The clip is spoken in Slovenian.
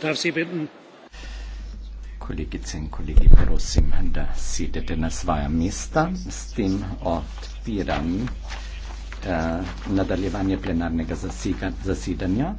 Darf Sie bitten. Kolegice in kolegi, prosim, da sedete na svoja mesta. S tem odpiram eh, nadaljevanje plenarnega zasedanja.